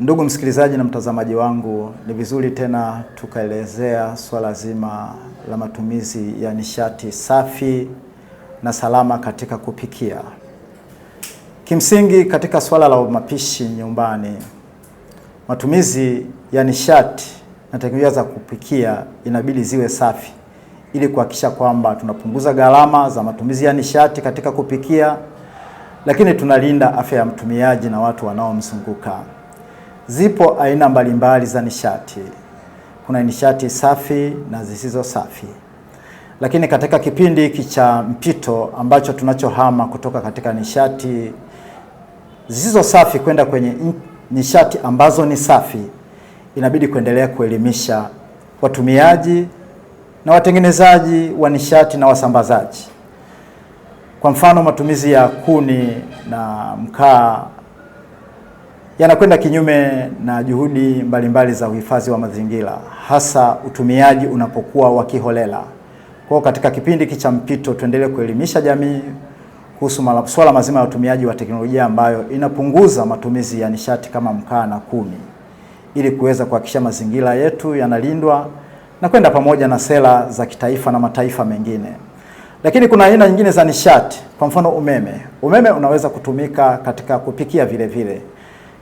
Ndugu msikilizaji na mtazamaji wangu, ni vizuri tena tukaelezea swala zima la matumizi ya nishati safi na salama katika kupikia. Kimsingi, katika swala la mapishi nyumbani, matumizi ya nishati na teknolojia za kupikia inabidi ziwe safi ili kuhakikisha kwamba tunapunguza gharama za matumizi ya nishati katika kupikia, lakini tunalinda afya ya mtumiaji na watu wanaomzunguka. Zipo aina mbalimbali za nishati. Kuna nishati safi na zisizo safi, lakini katika kipindi hiki cha mpito ambacho tunachohama kutoka katika nishati zisizo safi kwenda kwenye nishati ambazo ni safi, inabidi kuendelea kuelimisha watumiaji na watengenezaji wa nishati na wasambazaji. Kwa mfano, matumizi ya kuni na mkaa yanakwenda kinyume na juhudi mbalimbali mbali za uhifadhi wa mazingira, hasa utumiaji unapokuwa wa kiholela. Kwa katika kipindi hiki cha mpito, tuendelee kuelimisha jamii kuhusu swala mazima ya utumiaji wa teknolojia ambayo inapunguza matumizi ya nishati kama mkaa na kuni ili kuweza kuhakikisha mazingira yetu yanalindwa na kwenda pamoja na sera za kitaifa na mataifa mengine. Lakini kuna aina nyingine za nishati, kwa mfano umeme. Umeme unaweza kutumika katika kupikia vile vile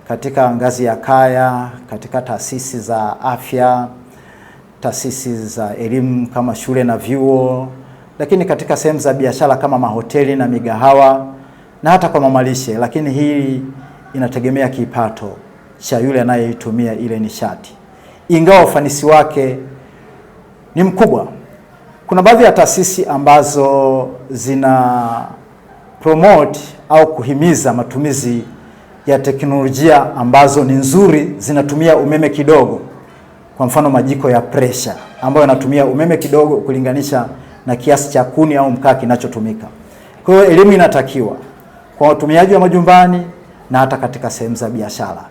katika ngazi ya kaya, katika taasisi za afya, taasisi za elimu kama shule na vyuo, lakini katika sehemu za biashara kama mahoteli na migahawa na hata kwa mamalishe, lakini hii inategemea kipato cha yule anayeitumia ile nishati, ingawa ufanisi wake ni mkubwa. Kuna baadhi ya taasisi ambazo zina promote au kuhimiza matumizi ya teknolojia ambazo ni nzuri zinatumia umeme kidogo, kwa mfano majiko ya presha ambayo yanatumia umeme kidogo kulinganisha na kiasi cha kuni au mkaa kinachotumika. Kwa hiyo elimu inatakiwa kwa watumiaji wa majumbani na hata katika sehemu za biashara.